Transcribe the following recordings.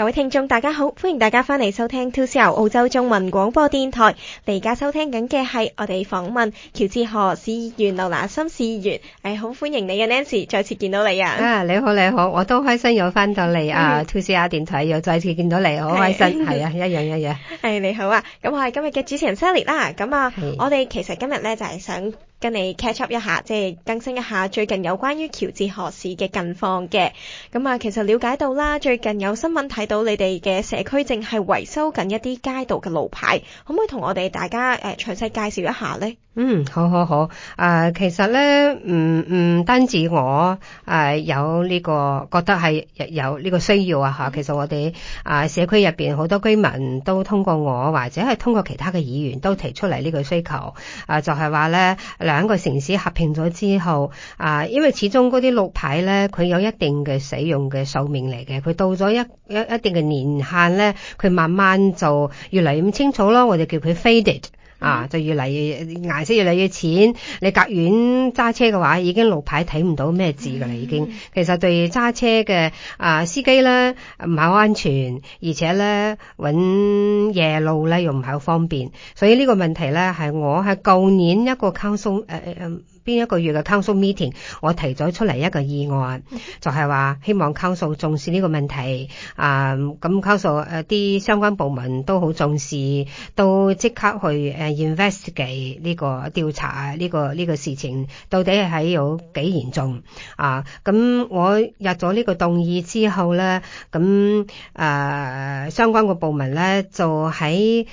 各位聽眾大家好，歡迎大家翻嚟收聽 2CR 澳洲中文廣播電台。而家收聽緊嘅係我哋訪問喬治河市議員劉娜心市議員，誒、哎，好歡迎你嘅 Nancy，再次見到你啊！啊，你好你好，我都開心又翻到嚟啊！2CR 電台、嗯、又再次見到你，好開心，係啊， 一樣一樣。誒、 哎，你好啊，咁我係今日嘅主持人 Sally 啦，咁啊，是我哋其實今日咧就係、是、想。跟你 catch up 一下，即係更新一下最近有關於喬治河市嘅近況嘅。咁啊，其實了解到啦，最近有新聞睇到你哋嘅社區正係維修緊一啲街道嘅路牌，可唔可以同我哋大家誒詳細介紹一下咧？嗯，好好好。誒、呃，其實咧，唔、嗯、唔、嗯、單止我誒、呃、有呢、這個覺得係有呢個需要啊吓，其實我哋啊、呃、社區入邊好多居民都通過我或者係通過其他嘅議員都提出嚟呢個需求。啊、呃，就係話咧。兩個城市合併咗之後，啊，因為始終嗰啲綠牌咧，佢有一定嘅使用嘅壽命嚟嘅，佢到咗一一一定嘅年限咧，佢慢慢就越嚟越唔清楚咯，我哋叫佢 faded。啊，就越嚟越顏色越嚟越淺，你隔遠揸車嘅話，已經路牌睇唔到咩字噶啦，已經。其實對揸車嘅啊、呃、司機咧唔係好安全，而且咧搵夜路咧又唔係好方便，所以呢個問題咧係我喺舊年一個 council 誒誒。呃邊一個月嘅 Council Meeting，我提咗出嚟一個議案，就係、是、話希望 Council 重視呢個問題啊。咁 Council 誒、啊、啲相關部門都好重視，都即刻去誒 investigate 呢個調查呢、呢個呢、呢個事情，到底係有幾嚴重啊？咁我入咗呢個動議之後咧，咁誒、啊、相關個部門咧就喺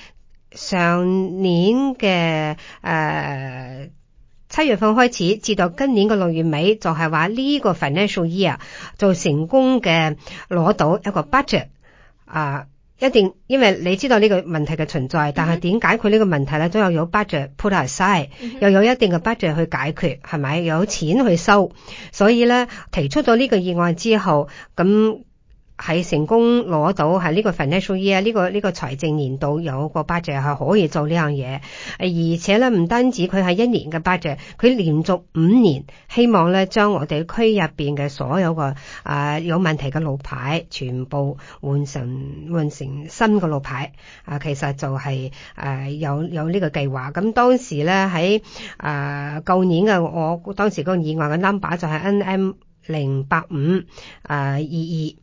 上年嘅誒。啊七月份開始至到今年嘅六月尾，就係話呢個 financial year 啊，做成功嘅攞到一個 budget 啊，一定因為你知道呢個問題嘅存在，但係點解佢呢個問題咧都有有 budget put aside，又有一定嘅 budget 去解決，係咪有錢去收？所以咧提出咗呢個議案之後，咁。喺成功攞到 year,、這個，喺、這、呢個 financial year 呢個呢個財政年度有個 budget 係可以做呢樣嘢，而且咧唔單止佢係一年嘅 budget，佢連續五年希望咧將我哋區入邊嘅所有個誒、呃、有問題嘅路牌全部換成換成新嘅路牌啊。其實就係、是、誒、呃、有有個計劃，呢個計劃咁。當時咧喺誒舊年嘅我當時個意外嘅 number 就係 NM 零八五誒二二。22。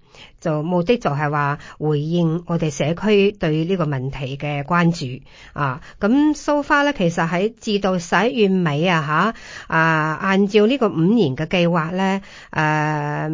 就目的就係話回應我哋社區對呢個問題嘅關注啊，咁 so far 咧其實喺至到十一月尾啊吓啊，按照呢個五年嘅計劃咧，誒、啊、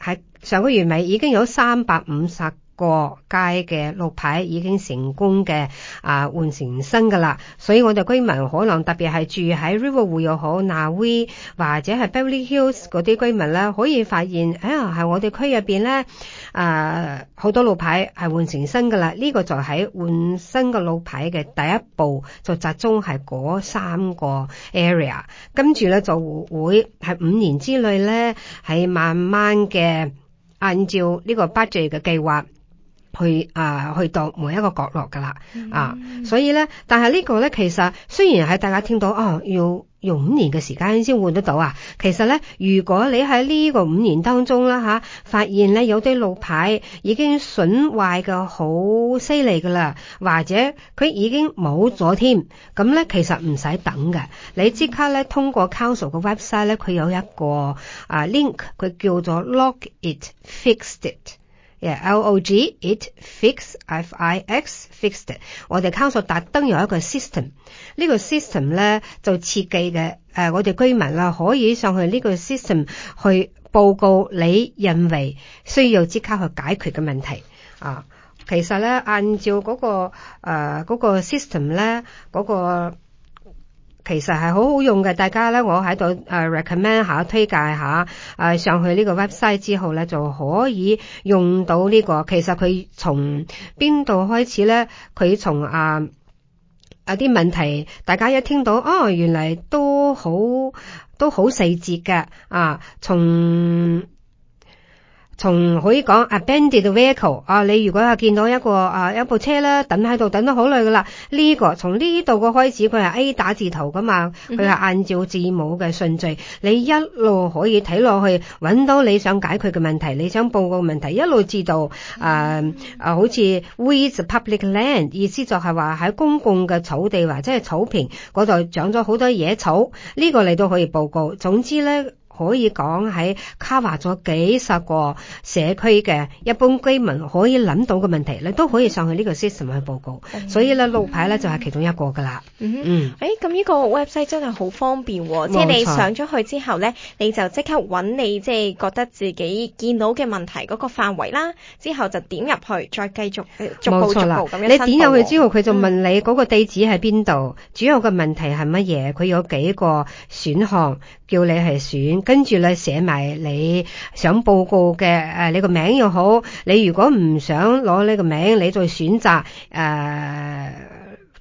係上個月尾已經有三百五十個街嘅路牌已經成功嘅啊、呃、換成新噶啦，所以我哋居民可能特別係住喺 River 戶又好，NaVi 或者係 b e l e v i l y Hills 嗰啲居民咧，可以發現，哎呀係我哋區入邊咧啊好多路牌係換成新噶啦，呢、這個就喺換新嘅路牌嘅第一步，就集中係嗰三個 area，跟住咧就會喺五年之內咧係慢慢嘅按照呢個 budget 嘅計劃。去啊，去到每一個角落㗎啦，mm hmm. 啊，所以咧，但係呢個咧，其實雖然係大家聽到哦、啊，要用五年嘅時間先換得到啊，其實咧，如果你喺呢個五年當中咧吓、啊、發現咧有啲路牌已經損壞嘅好犀利㗎啦，或者佢已經冇咗添，咁咧其實唔使等嘅，你即刻咧通過 Council 嘅 website 咧，佢有一個啊 link，佢叫做 Log it Fix it。誒、yeah，L O G，it fix，F I X，fixed。我哋 council 特登有一個 system，呢個 system 咧就設計嘅誒，我、uh, 哋居民啦可以上去呢個 system 去報告你認為需要即刻去解決嘅問題啊。其實咧，按照嗰個誒嗰個 system 咧嗰個。其實係好好用嘅，大家咧，我喺度誒 recommend 下，推介下，誒、呃、上去呢個 website 之後咧，就可以用到呢、呢個。其實佢從邊度開始咧？佢從啊啊啲問題，大家一聽到哦，原嚟都好都好細節嘅啊，從。從可以講 abandoned vehicle 啊，你如果係見到一個啊，一部車啦，等喺度等咗好耐噶啦，呢、這個從呢度個開始，佢係 A 打字頭噶嘛，佢係按照字母嘅順序，mm hmm. 你一路可以睇落去，揾到你想解決嘅問題，你想報告嘅問題，一路知道，誒、啊、誒、mm hmm. 啊，好似 weeds public land，意思就係話喺公共嘅草地或者係草坪嗰度長咗好多野草，呢、這個你都可以報告。總之咧。可以講喺 cover 咗幾十個社區嘅一般居民可以諗到嘅問題咧，都可以上去呢個 system 去報告。嗯、所以咧，路牌咧就係其中一個噶啦。嗯，誒、嗯，咁呢、欸、個 website 真係好方便，啊，冇錯，即係你上咗去之後咧，你就即刻揾你即係覺得自己見到嘅問題嗰個範圍啦，之後就點入去，再繼續，呃、逐步逐步咁樣你點入去之後，佢就問你嗰個地址喺邊度，嗯、主要嘅問題係乜嘢？佢有幾個選項，叫你係選。跟住咧寫埋你想報告嘅誒、啊，你個名又好，你如果唔想攞呢個名，你再選擇誒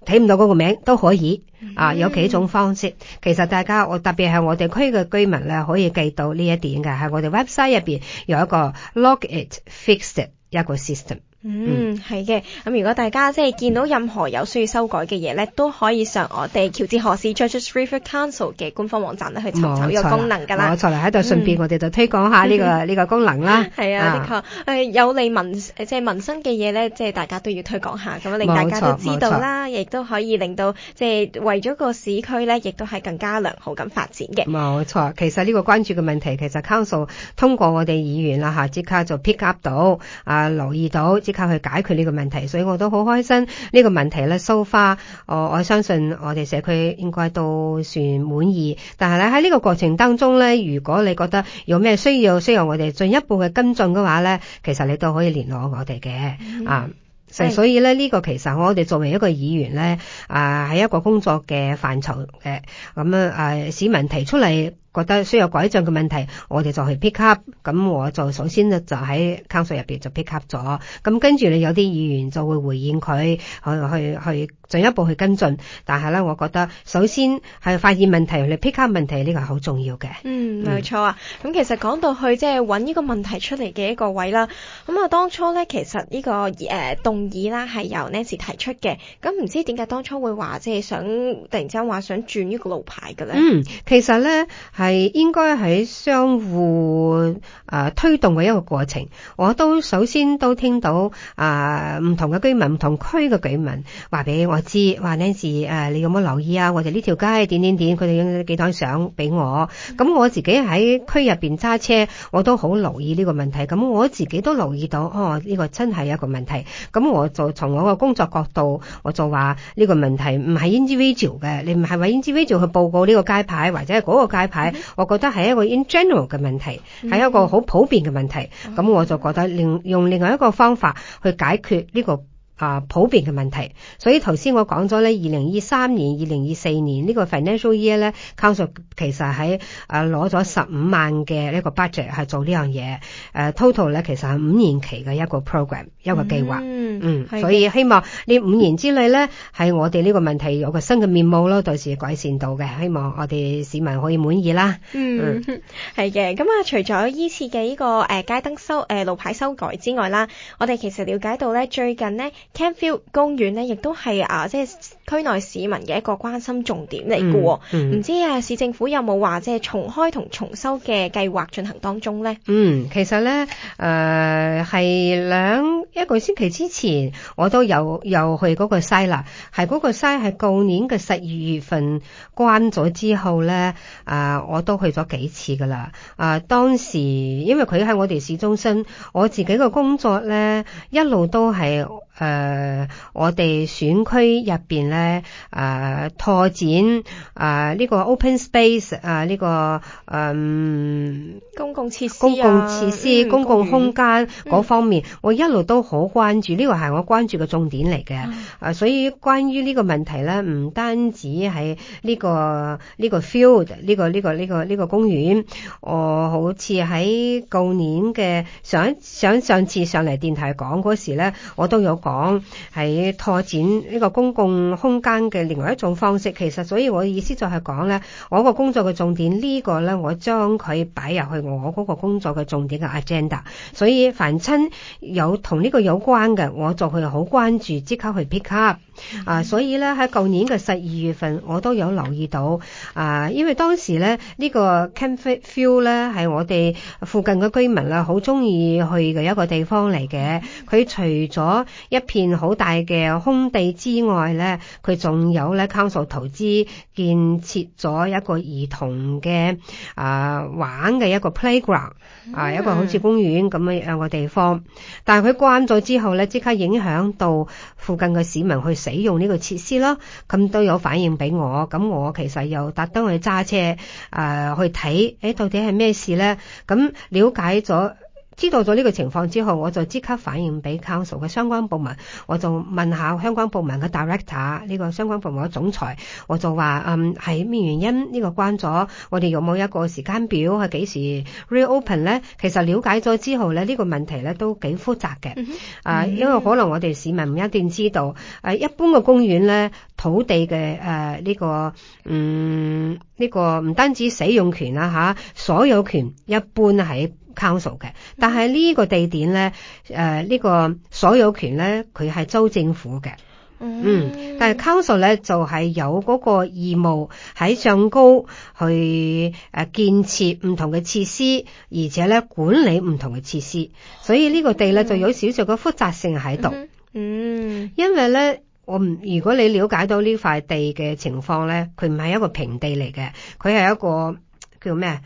睇唔到嗰個名都可以啊，有幾種方式。Mm hmm. 其實大家我特別係我哋區嘅居民咧，可以記到呢一點噶，喺我哋 website 入邊有一個 Log It Fix It，一個 system。嗯，係嘅。咁如果大家即係見到任何有需要修改嘅嘢咧，都可以上我哋喬治河市 Georges River Council） 嘅官方網站咧去尋找呢個功能噶錯啦。冇錯啦，喺度順便我哋就推廣下呢、呢個呢、嗯、哼個功能啦。係的啊，的確，誒有利民誒即係民生嘅嘢咧，即係大家都要推廣下，咁令大家都知道啦，亦都可以令到即係為咗個市區咧，亦都係更加良好咁發展嘅。冇錯，其實呢個關注嘅問題其實 Council 通過我哋議員啦吓即刻就 pick up 到啊，留意到靠去解決呢個問題，所以我都好開心呢、呢個問題咧收花。我、so 呃、我相信我哋社區應該都算滿意。但係咧喺呢個過程當中咧，如果你覺得有咩需要需要我哋進一步嘅跟進嘅話咧，其實你都可以聯絡我哋嘅、mm hmm. 啊。所以咧呢、呢個其實我哋作為一個議員咧啊，喺一個工作嘅範疇嘅咁啊啊市民提出嚟。覺得需要改進嘅問題，我哋就去 pick up。咁我就首先就喺 c 就喺 council 入邊就 pick up 咗。咁跟住你有啲議員就會回應佢，去去去進一步去跟進。但係咧，我覺得首先係發現問題你 pick up 問題呢個係好重要嘅。嗯，冇錯啊。咁、嗯、其實講到去即係揾呢個問題出嚟嘅一個位啦。咁啊，當初咧其實呢、呢個誒、呃、動議啦係由 Nancy 提出嘅。咁唔知點解當初會話即係想突然之間話想轉呢個路牌嘅咧？嗯，其實咧係。係應該喺相互誒、呃、推動嘅一個過程。我都首先都聽到啊唔、呃、同嘅居民、唔同區嘅居民話俾我知，話 Nancy 誒，你有冇留意啊？或者呢條街點點點，佢哋影咗幾張相俾我。咁、嗯、我自己喺區入邊揸車，我都好留意呢個問題。咁、嗯、我自己都留意到，哦呢、這個真係一個問題。咁、嗯、我就從我個工作角度，我就話呢個問題唔係 individual 嘅，你唔係話 individual 去報告呢個街牌或者係嗰個街牌。我覺得係一個 in general 嘅問題，係、嗯、一個好普遍嘅問題。咁、嗯、我就覺得另用另外一個方法去解決呢、這個。啊，普遍嘅問題，所以頭先我講咗咧，二零二三年、二零二四年個呢個 financial year 咧，Council 其實喺啊攞咗十五萬嘅、啊、呢個 budget 係做呢樣嘢，誒 total 咧其實係五年期嘅一個 program、嗯、一個計劃，嗯，的所以希望呢五年之內咧，喺我哋呢個問題有個新嘅面貌咯，到時改善到嘅，希望我哋市民可以滿意啦。嗯，係嘅、嗯。咁啊，除咗依次嘅呢個誒街燈修誒路牌修改之外啦，我哋其實了解到咧，最近咧。Campfield 公園咧，亦都係啊，即係，區內市民嘅一個關心重點嚟嘅喎，唔、嗯嗯、知啊，市政府有冇話即係重開同重修嘅計劃進行當中呢？嗯，其實呢，誒、呃、係兩一個星期之前，我都有又去嗰個西啦，係嗰個西係舊年嘅十二月份關咗之後呢，啊、呃，我都去咗幾次㗎啦，啊、呃，當時因為佢喺我哋市中心，我自己嘅工作呢，一路都係誒、呃、我哋選區入邊咧。咧，誒、啊、拓展誒呢、啊這個 open space，誒、啊、呢、這個誒、啊、公共設施、啊、公共設施、公，園公共空間嗰方面，嗯、我一路都好關注，呢個係我關注嘅重點嚟嘅。誒、嗯啊，所以關於呢個問題咧，唔單止喺呢、這個呢、這個 field，呢、這個呢、這個呢、這個呢、這個這個公園我好似喺舊年嘅上一上上次上嚟電台講嗰時咧，我都有講喺拓展呢個公共。空間嘅另外一種方式，其實。所以我意思就係講咧，我，工個，我，我個工作嘅重點呢個咧，我將佢擺入去我個工作嘅重點嘅 agenda。所以凡親有同呢個有關嘅，我就去好關注，即刻去 pick up。啊，所以咧喺舊年嘅十二月份，我都有留意到啊，因為當時咧呢、這個 Campfield 咧係我哋附近嘅居民啊，好中意去嘅一個地方嚟嘅。佢除咗一片好大嘅空地之外咧，佢仲有咧 Council 投資建設咗一個兒童嘅啊玩嘅一個 playground Yeah. 啊，一個好似公園咁樣樣嘅地方。但係佢關咗之後咧，即刻影響到附近嘅市民去。使用呢個設施咯，咁都有反映俾我，咁我其實又特登去揸車，呃，誒去睇，誒到底係咩事咧？咁了解咗。知道咗呢個情況之後，我就即刻反映俾 Council 嘅相關部門，我就問下相關部門嘅 Director，呢個相關部門嘅總裁，我就話：嗯，係咩原因呢個關咗？我哋有冇一個時間表係幾時 reopen 咧？其實了解咗之後咧，呢個問題咧都幾複雜嘅。Mm hmm. 啊，因為可能我哋市民唔一定知道。誒，一般嘅公園咧，土地嘅誒呢個嗯呢個唔單止使用權啦嚇，所有權一般喺 Council 嘅，但係呢個地點咧，誒、呃、呢、這個所有權咧，佢係州政府嘅。Mm hmm. 嗯。但係 Council 咧就係、是、有嗰個義務喺上高去誒建設唔同嘅設施，而且咧管理唔同嘅設施。所以呢個地咧就有少少嘅複雜性喺度。嗯。因為咧，我唔如果你了解到塊呢塊地嘅情況咧，佢唔係一個平地嚟嘅，佢係一個叫咩？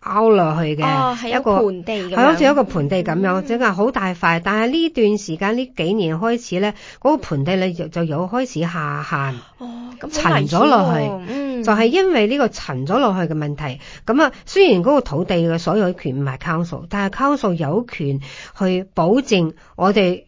凹落去嘅一個，係咯、哦，好似一個盆地咁樣，即係好大塊。但係呢段時間呢幾年開始咧，嗰、那個盆地咧就又有開始下限下陷，嗯、下哦，咁沉咗落去，嗯，就係因為呢個沉咗落去嘅問題。咁啊，雖然嗰個土地嘅所有權唔係 Council，但係 Council 有權去保證我哋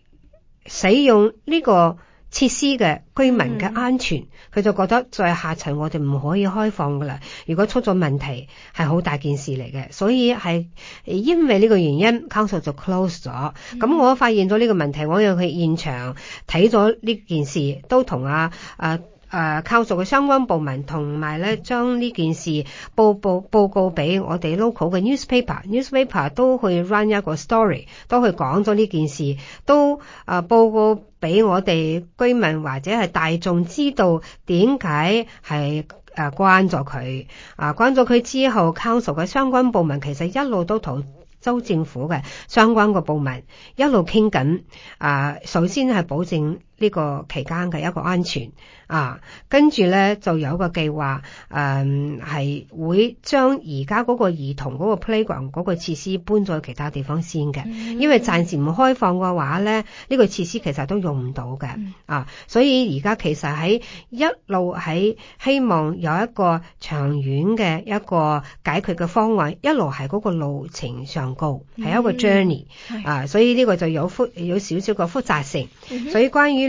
使用呢、這個。設施嘅居民嘅安全，佢、嗯、就覺得再下層我哋唔可以開放噶啦。如果出咗問題，係好大件事嚟嘅。所以係因為呢個原因，Council 就 close 咗。咁、嗯、我發現咗呢個問題，我又去現場睇咗呢件事，都同阿阿。呃誒，Council 嘅相關部門同埋咧，將呢件事報報報告俾我哋 local 嘅 newspaper，newspaper new 都去 run 一個 story，都去講咗呢件事，都誒報告俾我哋居民或者係大眾知道點解係誒關咗佢，啊關咗佢之後，Council 嘅相關部門其實一路都同州政府嘅相關個部門一路傾緊，啊首先係保證。呢個期間嘅一個安全啊，跟住咧就有個計劃誒係會將而家嗰個兒童嗰個 playground 嗰個設施搬咗去其他地方先嘅，因為暫時唔開放嘅話咧，呢、呢個設施其實都用唔到嘅啊，所以而家其實喺一路喺希望有一個長遠嘅一個解決嘅方案，一路係個路程上高係一個 journey、嗯、啊，所以呢個就有複有少少嘅複雜性，嗯、哼所以關於。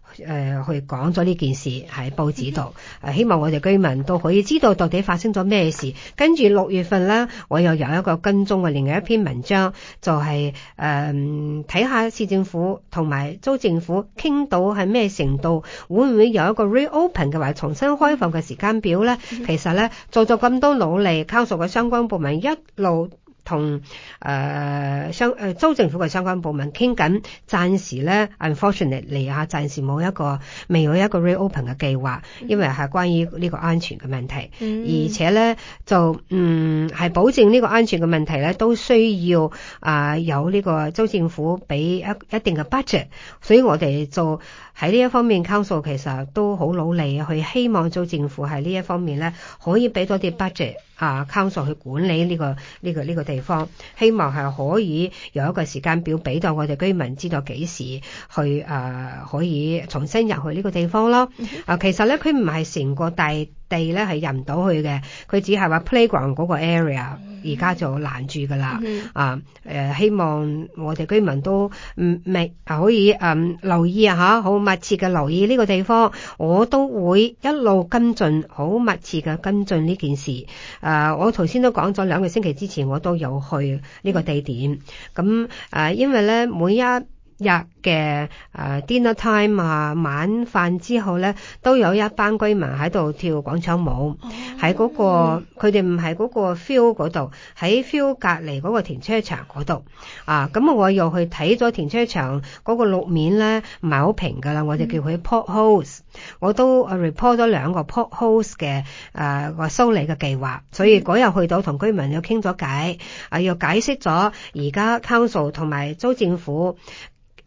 誒、呃，去講咗呢件事喺報紙度、呃，希望我哋居民都可以知道到底發生咗咩事。跟住六月份咧，我又有一個跟蹤嘅另外一篇文章，就係、是、誒，睇、呃、下市政府同埋州政府傾到係咩程度，會唔會有一個 reopen 嘅話，重新開放嘅時間表咧？其實咧，做咗咁多努力，交數嘅相關部門一路。同誒、呃、相誒、呃、州政府嘅相關部門傾緊，暫時咧 unfortunately 啊，暫時冇一個未有一個 reopen 嘅計劃，因為係關於呢個安全嘅問題。嗯、而且咧就嗯係保證呢個安全嘅問題咧，都需要啊、呃、有呢個州政府俾一一定嘅 budget。所以我哋就喺呢一方面 council 其實都好努力去希望州政府喺呢一方面咧，可以俾多啲 budget。啊，count 去管理呢、這個呢、這個呢、這個這個地方，希望係可以有一個時間表，俾到我哋居民知道幾時去誒、啊、可以重新入去呢個地方咯。啊，其實咧，佢唔係成個大。地咧，係入唔到去嘅，佢只係話 Playground 嗰個 area 而家、mm hmm. 就攔住噶啦、mm hmm. 啊！誒，希望我哋居民都唔密可以誒、嗯、留意啊，吓好密切嘅留意呢個地方。我都會一路跟進，好密切嘅跟進呢件事。誒、啊，我頭先都講咗，兩個星期之前我都有去呢個地點咁誒、mm hmm. 啊，因為咧每一。日嘅誒、uh, dinner time 啊、uh，晚飯之後咧，都有一班居民喺度跳廣場舞，喺嗰、oh, 嗰個佢哋唔係嗰個 field 嗰度，喺 field 隔離嗰個停車場嗰度啊。咁我又去睇咗停車場嗰個路面咧，唔係好平噶啦，我就叫佢 potholes、uh, 我都 report 咗兩個 potholes 嘅誒個修理嘅計劃。所以嗰日去到同居民又傾咗偈，啊又解釋咗而家 council 同埋租政府。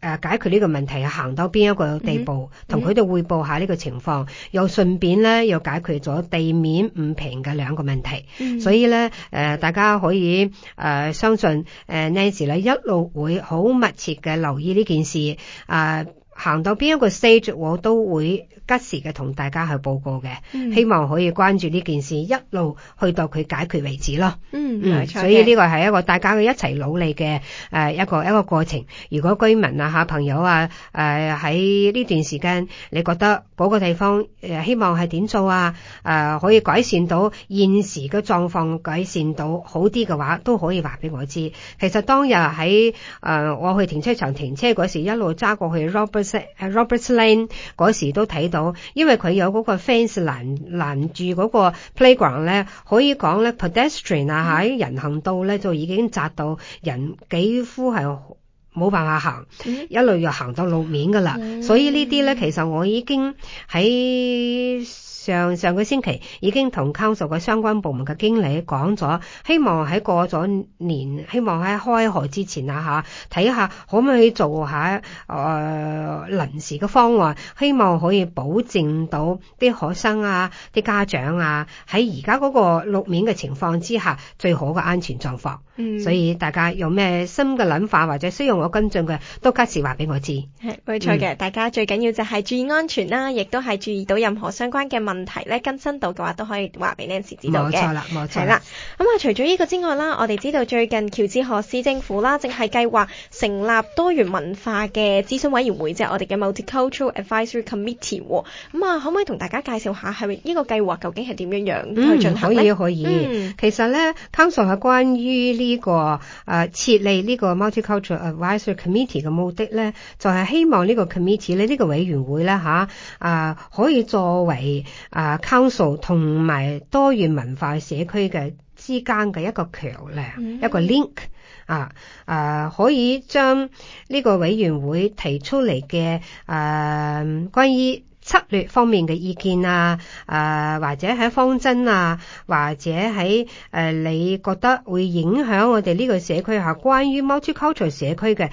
誒，解決呢個問題行到邊一個地步，同佢哋匯報下呢個情況，又順便咧又解決咗地面唔平嘅兩個問題，mm hmm. 所以咧誒、呃，大家可以誒、呃，相信誒、呃、Nancy 咧一路會好密切嘅留意呢件事啊。呃行到邊一個 stage，我都會及時嘅同大家去報告嘅。嗯、希望可以關注呢件事，一路去到佢解決為止咯。嗯，嗯，所以呢個係一個大家一齊努力嘅誒一個一個，一個過程。如果居民啊吓朋友啊誒喺呢段時間，你覺得個地方誒、呃、希望係點做啊誒、呃、可以改善到現時嘅狀況，改善到好啲嘅話，都可以話俾我知。其實當日喺誒、呃、我去停車場停車時，一路揸過去 Robert。Robert's Lane 嗰時都睇到，因為佢有嗰個 fence 攔住嗰個 playground 咧，可以講咧，pedestrian 啊喺、嗯、人行道咧就已經窄到人幾乎係冇辦法行，嗯、一路又行到路面噶啦，嗯、所以呢啲咧其實我已經喺。上上個星期已經同 Council 嘅相關部門嘅經理講咗，希望喺過咗年，希望喺開學之前啊吓，睇下可唔可以做下誒臨時嘅方案，希望可以保證到啲學生啊、啲家長啊喺而家嗰個路面嘅情況之下最好嘅安全狀況。嗯，所以大家有咩新嘅諗法或者需要我跟進嘅，都加時話俾我知。係冇錯嘅，嗯，大家最緊要就係注意安全啦，啊，亦都係注意到任何相關嘅問題。問題咧更新到嘅話都可以話俾 Nancy 知道嘅。冇錯啦，冇錯啦。咁啊、嗯，除咗呢個之外啦，我哋知道最近喬治河市政府啦，正係計劃成立多元文化嘅諮詢委員會，即係我哋嘅 Multicultural Advisory Committee。咁、嗯、啊，可唔可以同大家介紹下係咪呢個計劃究竟係點樣樣去進行咧？可以，可以。其實咧，Council 係關於呢、這個誒、啊、設立呢個 Multicultural Advisory Committee 嘅目的咧，就係、是、希望呢個 Committee 咧，呢個委員會咧嚇啊，啊，可以作為。啊、uh,，Council 同埋多元文化社區嘅之間嘅一個橋梁，mm hmm. 一個 link 啊，誒、啊、可以將呢個委員會提出嚟嘅誒關於策略方面嘅意見啊，誒或者喺方針啊，或者喺誒、啊啊、你覺得會影響我哋呢個社區下關於 multicultural 社區嘅。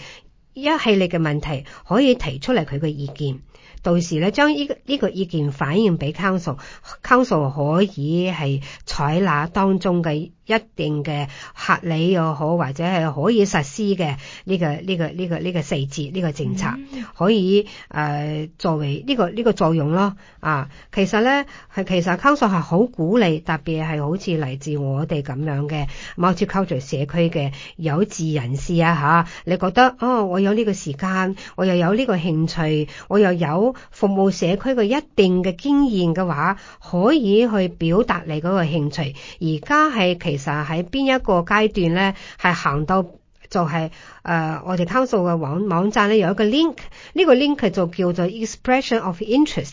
一系列嘅問題可以提出嚟，佢嘅意見，到時咧將呢個呢個意見反映俾 council council 可以係採納當中嘅。一定嘅合理又好，或者係可以實施嘅呢、這個呢、這個呢、這個呢個細節呢個政策，嗯、可以誒、呃、作為呢、這個呢、這個作用咯。啊，其實咧係其實 Council 係好鼓勵，特別係好似嚟自我哋咁樣嘅，multicultural 社區嘅有志人士啊吓、啊，你覺得哦，我有呢個時間，我又有呢個興趣，我又有服務社區嘅一定嘅經驗嘅話，可以去表達你嗰個興趣。而家係其實。其實喺邊一個階段咧，係行到就係、是、誒、呃，我哋 Council 嘅網網站咧有一個 link，呢個 link 就叫做 expression of interest，誒、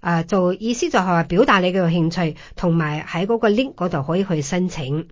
呃，就意思就係話表達你嘅興趣，同埋喺嗰個 link 嗰度可以去申請，誒、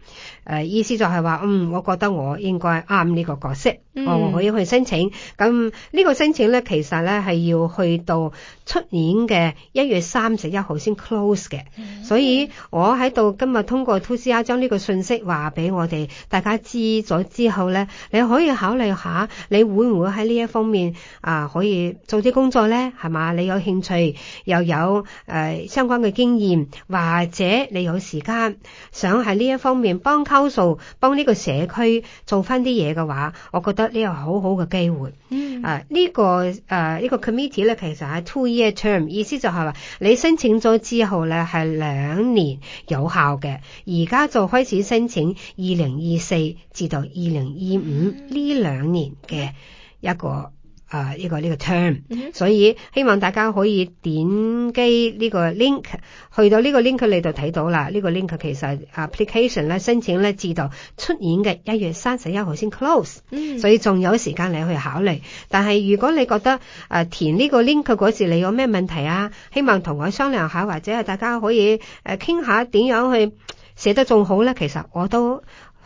呃，意思就係話，嗯，我覺得我應該啱呢個角色。哦，我可以去申請，咁呢個申請咧，其實咧係要去到出年嘅一月三十一號先 close 嘅，mm hmm. 所以我喺度今日通過 2CR 啊，將呢個信息話俾我哋大家知咗之後咧，你可以考慮下，你會唔會喺呢一方面啊可以做啲工作咧？係嘛，你有興趣又有誒、呃、相關嘅經驗，或者你有時間想喺呢一方面幫 council，幫呢個社區做翻啲嘢嘅話，我覺得。呢個好好嘅機會，嗯、啊呢、呢個誒一、啊呢個 committee 咧，其實係 two-year term，意思就係話你申請咗之後咧係兩年有效嘅，而家就開始申請二零二四至到二零二五呢兩年嘅一個。啊！呢、uh, 這個呢、這個 term，、mm hmm. 所以希望大家可以點擊呢個 link 去到呢個 link 你度睇到啦。呢、這個 link 其實 application 咧申請咧至到出年嘅一月三十一號先 close，所以仲有時間你去考慮。但係如果你覺得誒、呃、填呢個 link 嗰時你有咩問題啊，希望同我商量下，或者係大家可以誒傾、呃、下點樣去寫得仲好咧。其實我都。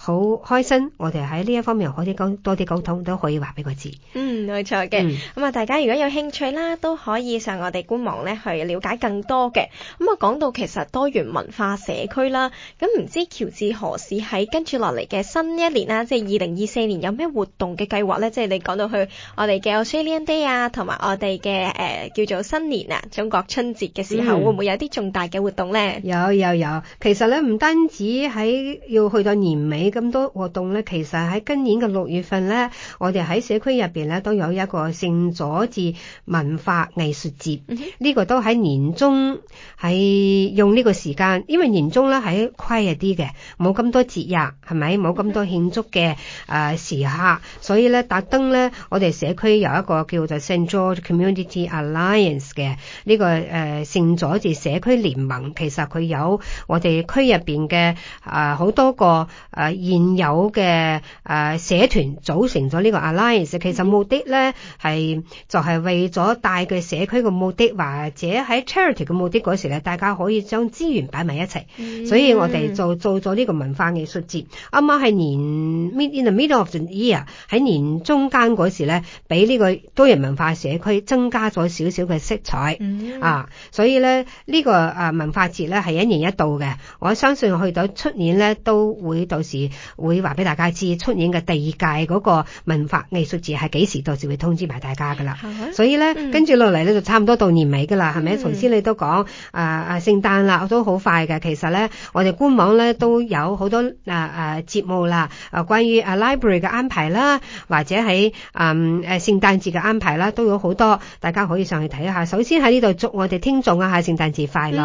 好開心，我哋喺呢一方面可以講多啲溝通，都可以話俾佢知。嗯，冇錯嘅。咁啊、嗯，大家如果有興趣啦，都可以上我哋官網咧去了解更多嘅。咁啊，講到其實多元文化社區啦，咁唔知喬治河市喺跟住落嚟嘅新一年啦，即係二零二四年有咩活動嘅計劃咧？即係你講到去我哋嘅 Australia Day 啊，同埋我哋嘅誒叫做新年啊，中國春節嘅時候、嗯、會唔會有啲重大嘅活動咧？有有有，其實咧唔單止喺要去到年尾。咁多活動咧，其實喺今年嘅六月份咧，我哋喺社區入邊咧都有一個聖佐治文化藝術節，呢、mm hmm. 個都喺年中喺用呢個時間，因為年中咧喺 quiet 啲嘅，冇咁多節日，係咪冇咁多慶祝嘅啊、呃、時刻，所以咧特登咧，我哋社區有一個叫做 Saint George Community Alliance 嘅呢、這個誒、呃、聖佐治社區聯盟，其實佢有我哋區入邊嘅啊好多個啊。呃現有嘅誒社團組成咗呢個 alliance，其實目的咧係就係、是、為咗帶佢社區嘅目的，或者喺 charity 嘅目的嗰時咧，大家可以將資源擺埋一齊。所以我哋做做咗呢個文化藝術節，啱啱係年 in the middle of the year 喺年中間嗰時咧，俾呢個多元文化社區增加咗少少嘅色彩，mm hmm. 啊！所以咧呢個誒文化節咧係一年一度嘅，我相信去到出年咧都會到時，會話俾大家知，出年嘅第二屆嗰個文化藝術節係幾時，到時會通知埋大家噶啦。 所以咧，跟住落嚟咧就差唔多到年尾噶啦，係咪？頭先 你都講啊啊聖誕啦，我都好快嘅。其實咧，我哋官網咧都有好多啊啊、呃、節目啦，啊關於啊 library 嘅安排啦，或者喺啊誒聖誕節嘅安排啦，都有好多，大家可以上去睇一下。首先喺呢度祝我哋聽眾啊，下聖誕節快樂。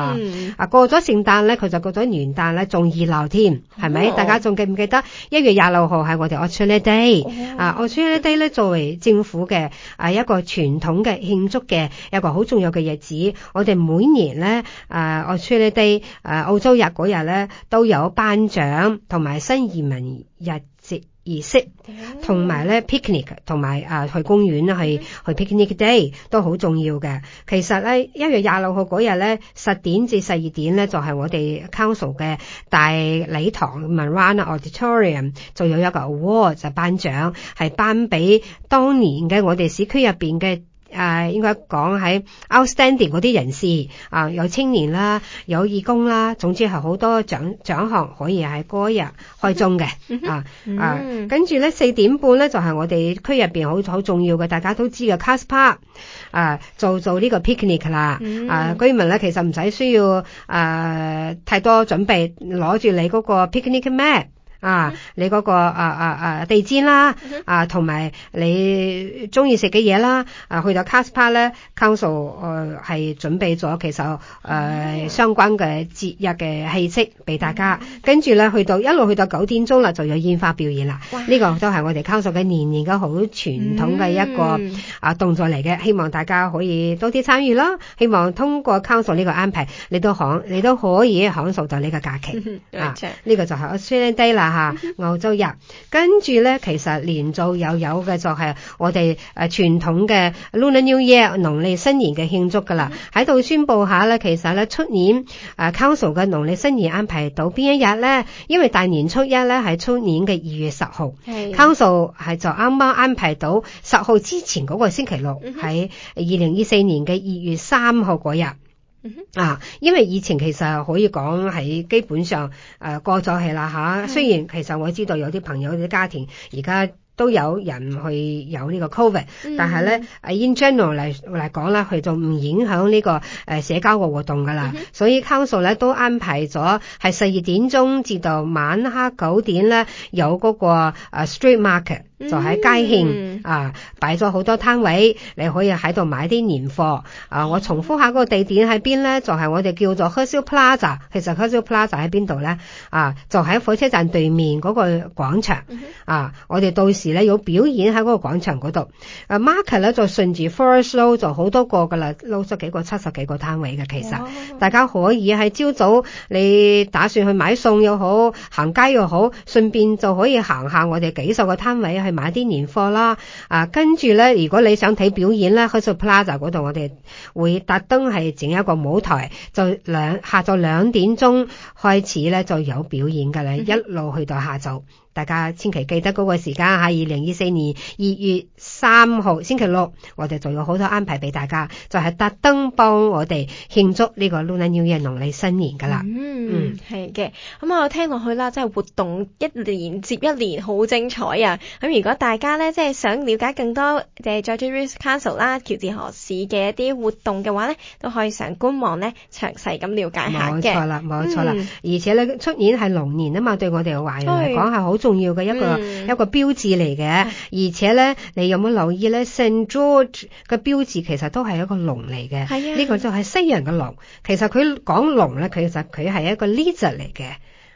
啊 過咗聖誕咧，佢就過咗元旦咧，仲熱鬧添，係咪？ 大家仲記唔記得一月廿六號係我哋 Australia Day 啊 Okay.、uh,，Australia Day 咧作為政府嘅啊一個傳統嘅慶祝嘅一個好重要嘅日子，我哋每年咧啊 Australia Day 啊澳洲日嗰日咧都有頒獎同埋新移民日。儀式，同埋咧 picnic，同埋啊去公園去去 picnic day 都好重要嘅。其實咧，一月廿六號嗰日咧十點至十二點咧就係、是、我哋 Council 嘅大禮堂 Marana Auditorium，就有一個 award 就頒獎，係頒俾當年嘅我哋市區入邊嘅。誒、呃，應該講喺 outstanding 嗰啲人士啊、呃，有青年啦，有義工啦，總之係好多獎獎項可以喺嗰日開宗嘅啊啊，跟住咧四點半咧就係、是、我哋區入邊好好重要嘅，大家都知嘅 Carss Park 啊、呃，做做呢個 picnic 啦啊、嗯呃，居民咧其實唔使需要誒、呃、太多準備，攞住你嗰個 picnic map。啊！你個啊啊啊地氈啦，啊同埋你中意食嘅嘢啦，啊去到 Carss Park 咧，Council 誒係準備咗其實誒相關嘅節日嘅氣息俾大家。跟住咧去到一路去到九點鐘啦，就有煙花表演啦。呢個都係我哋 Council 嘅年年嘅好傳統嘅一個啊動作嚟嘅。希望大家可以多啲參與啦。希望通過 Council 呢個安排，你都可你都可以享受到呢個假期啊。呢個就係。嚇，嗯、澳洲日，跟住咧，其實連做又有嘅就係我哋誒傳統嘅 Lunar New Year，農曆新年嘅慶祝噶啦，喺度、嗯、哼宣佈下咧，其實咧出年誒、呃、Council 嘅農曆新年安排到邊一日咧？因為大年初一咧係出年嘅二月十號是，Council 係就啱啱安排到十號之前嗰個星期六，喺二零二四年嘅二月三號嗰日。嗯、啊，因為以前其實可以講喺基本上誒、呃、過咗去啦吓，嗯、哼雖然其實我知道有啲朋友啲家庭而家都有人去有個 VID,、嗯、哼呢個 covid，但係咧誒 in general 嚟嚟講啦，佢就唔影響呢個誒社交個活動噶啦，嗯、哼所以 Council 咧都安排咗係十二點鐘至到晚黑九點咧有嗰個誒 street market。就喺街慶、mm hmm. 啊，擺咗好多攤位，你可以喺度買啲年貨啊！我重複下個地點喺邊咧，就係、是、我哋叫做 Hurstville Plaza。其實 Hurstville Plaza 喺邊度咧？啊，就喺火車站對面個廣場、mm hmm. 啊！我哋到時咧有表演喺個廣場度。啊，Market 咧就順住 Forest Road 就好多個噶啦，撈咗幾個七十幾個攤位嘅，其實、oh, okay. 大家可以喺朝早你打算去買餸又好行街又好，順便就可以行下我哋幾十個攤位買啲年貨啦，啊，跟住咧，如果你想睇表演咧，喺個 Plaza 嗰度， 我哋會特登係整一個舞台，就兩下晝兩點鐘開始咧，就有表演噶啦，一路去到下晝。 大家千祈記得嗰個時間嚇，二零二四年二月三號星期六，我哋仲有好多安排俾大家，就係、是、特登幫我哋慶祝呢個 Lunar New Year 農曆新年㗎啦、嗯嗯。嗯，係嘅。咁我聽落去啦，即係活動一年接一年好精彩啊！咁如果大家咧即係想了解更多誒 Georges River Council 啦，喬治河市嘅一啲活動嘅話咧，都可以上官網咧詳細咁了解下嘅。冇錯啦，冇錯啦。嗯、而且咧，出年係龍年啊嘛，對我哋嘅華人嚟講係好。重要嘅一個、嗯、一個標誌嚟嘅，而且咧，你有冇留意咧？Saint George 嘅標誌其實都係一個龍嚟嘅。係啊，呢個就係西洋嘅龍。其實佢講龍咧，其實佢係一個 leader 嚟嘅。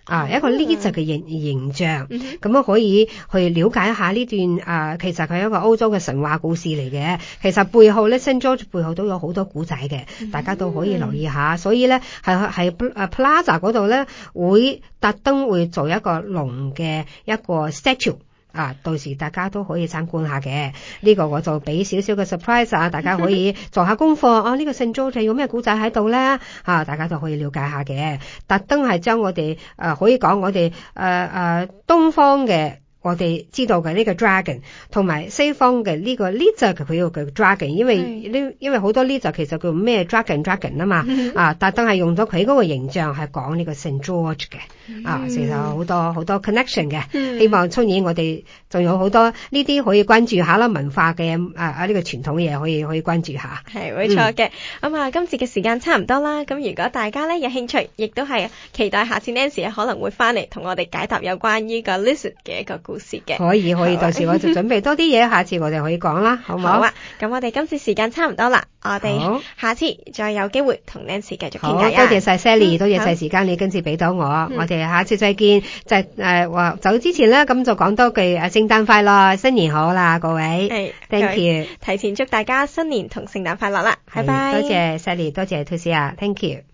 啊，嗯、一個呢啲就嘅形形象，咁、嗯、哼樣可以去了解一下呢段啊、呃，其實佢係一個歐洲嘅神話故事嚟嘅，其實背後咧聖喬治背後都有好多古仔嘅，大家都可以留意下。嗯、哼所以咧係係誒 Plaza 度咧會特登會做一個龍嘅一個 statue。啊，到時大家都可以參觀下嘅，呢、呢個我就俾少少嘅 surprise 啊，大家可以做下功課、 啊這個，啊。呢個聖周庭有咩古仔喺度咧，吓大家都可以了解下嘅，特登係將我哋誒、啊、可以講我哋誒誒東方嘅。我哋知道嘅呢個 dragon，同埋西方嘅呢個 lizard，佢叫 dragon，因為呢是因為好多 lizard 其實叫咩 dragon dragon 啊嘛，嗯、啊特登係用咗佢個形象係講呢個聖 George 嘅，啊，其實好多好多 connection 嘅，嗯、希望今年我哋仲有好多呢啲可以關注下啦，文化嘅啊啊、呢、這個傳統嘢可以可以關注下。係，冇錯嘅。咁啊、嗯，今次嘅時間差唔多啦，咁如果大家咧有興趣，亦都係期待下次 Nancy 呢時可能會翻嚟同我哋解答有關於個 lizard 嘅一個。故可以可以，可以 到時我就準備多啲嘢，下次我哋可以講啦，好冇？好啊，咁我哋今次時間差唔多啦，我哋下次再有機會同 Nancy 繼續傾、啊啊、多謝晒 Sally，多謝晒時間你今次俾到我，好我哋下次再見。就誒話走之前咧，咁就講多句誒，聖誕快樂，新年好啦，各位。係是，Thank you。提前祝大家新年同聖誕快樂啦，拜拜是。Bye bye 多謝 Sally，多謝 Teresa，Thank you。